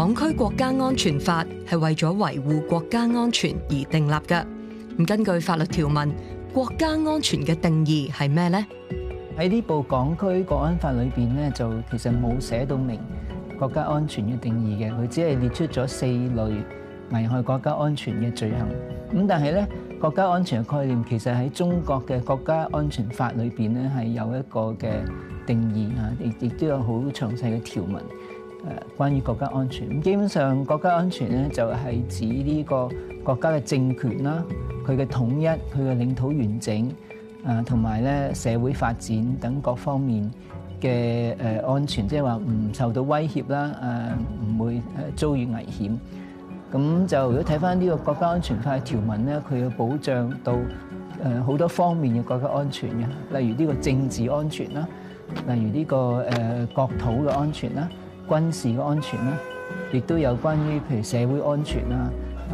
港區國家安全法係為咗維護國家安全而訂立嘅。咁根據法律條文，國家安全嘅定義係咩呢？喺呢部港區國安法裏邊咧，就其實冇寫到明國家安全嘅定義嘅，佢只係列出咗四類危害國家安全嘅罪行。咁但係咧，國家安全嘅概念其實喺中國嘅國家安全法裏邊咧係有一個嘅定義啊，亦亦都有好詳細嘅條文。誒，關於國家安全咁，基本上國家安全咧就係指呢個國家嘅政權啦，佢嘅統一，佢嘅領土完整，誒同埋咧社會發展等各方面嘅誒安全，即係話唔受到威脅啦，誒唔會誒遭遇危險。咁就如果睇翻呢個國家安全法嘅條文咧，佢要保障到誒好多方面嘅國家安全嘅，例如呢個政治安全啦，例如呢個誒國土嘅安全啦。軍事嘅安全啦，亦都有關於譬如社會安全啦、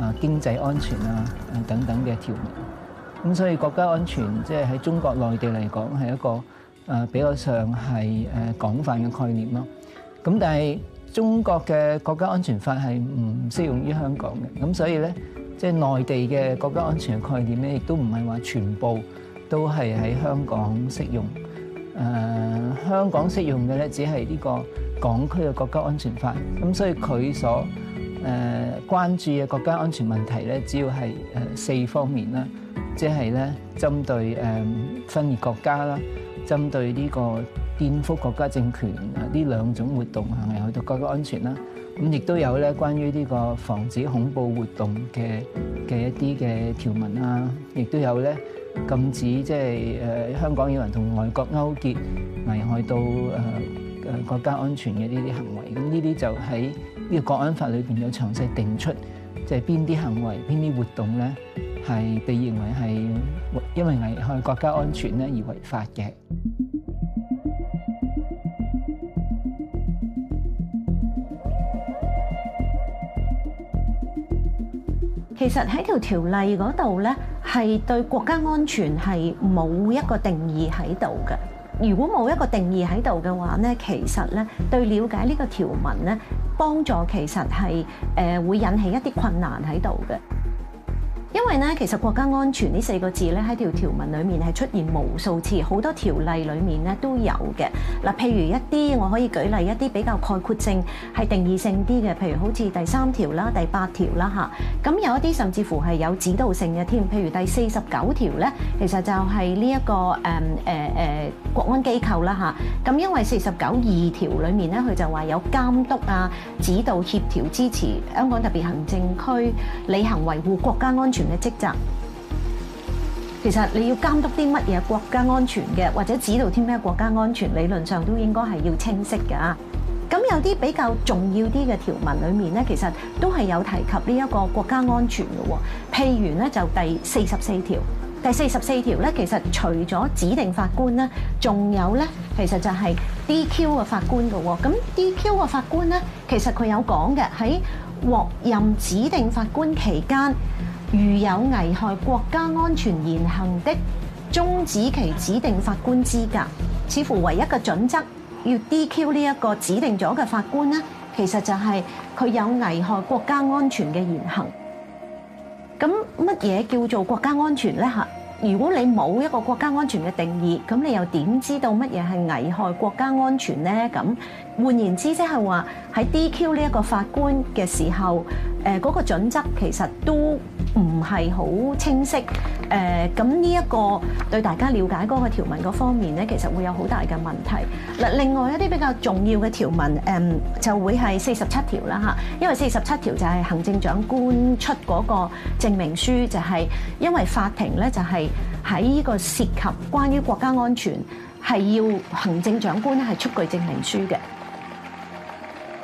啊經濟安全啦等等嘅條文。咁所以國家安全即係喺中國內地嚟講係一個誒比較上係誒廣泛嘅概念咯。咁但係中國嘅國家安全法係唔適用於香港嘅。咁所以呢，即係內地嘅國家安全嘅概念呢，亦都唔係話全部都係喺香港適用。誒香港適用嘅咧，只係呢個港區嘅國家安全法，咁所以佢所誒關注嘅國家安全問題咧，主要係誒四方面啦，即係咧針對誒分裂國家啦，針對呢個顛覆國家政權呢兩種活動係咪去到國家安全啦？咁亦都有咧關於呢個防止恐怖活動嘅嘅一啲嘅條文啊，亦都有咧。禁止即係誒香港有人同外國勾結，危害到誒誒國家安全嘅呢啲行為，咁呢啲就喺呢個國安法裏邊有詳細定出，即係邊啲行為、邊啲活動咧係被認為係因為危害國家安全咧而違法嘅。其實喺條條例嗰度咧。係對國家安全係冇一個定義喺度嘅。如果冇一個定義喺度嘅話呢，其實呢對了解呢個條文呢，幫助其實係誒會引起一啲困難喺度嘅。因為咧，其實國家安全呢四個字咧喺條條文裏面係出現無數次，好多條例裏面咧都有嘅。嗱，譬如一啲我可以舉例一啲比較概括性、係定義性啲嘅，譬如好似第三條啦、第八條啦吓，咁有一啲甚至乎係有指導性嘅添，譬如第四十九條咧，其實就係呢一個、呃呃、國安機構啦吓，咁因為四十九二條裏面咧，佢就話有監督啊、指導、協調、支持香港特別行政區履行維護國家安全。嘅職責，其實你要監督啲乜嘢國家安全嘅，或者指導啲咩國家安全，理論上都應該係要清晰㗎。咁有啲比較重要啲嘅條文裡面呢，其實都係有提及呢一個國家安全嘅喎。譬如呢就第四十四條，第四十四條呢，其實除咗指定法官呢，仲有呢其實就係 DQ 嘅法官嘅喎。咁 DQ 嘅法官呢，其實佢有講嘅，喺獲任指定法官期間。如有危害國家安全言行的，終止其指定法官資格。似乎唯一嘅準則要 DQ 呢一個指定咗嘅法官咧，其實就係佢有危害國家安全嘅言行。咁乜嘢叫做國家安全咧？吓，如果你冇一個國家安全嘅定義，咁你又點知道乜嘢係危害國家安全咧？咁換言之，就是說，即係話，喺 DQ 呢一個法官嘅時候，誒、那嗰個準則其實都唔係好清晰，誒咁呢一個對大家了解嗰個條文嗰方面呢，其實會有好大嘅問題。嗱，另外一啲比較重要嘅條文，誒就會係四十七條啦嚇，因為四十七條就係行政長官出嗰個證明書，就係因為法庭呢，就係喺呢個涉及關於國家安全，係要行政長官咧係出具證明書嘅。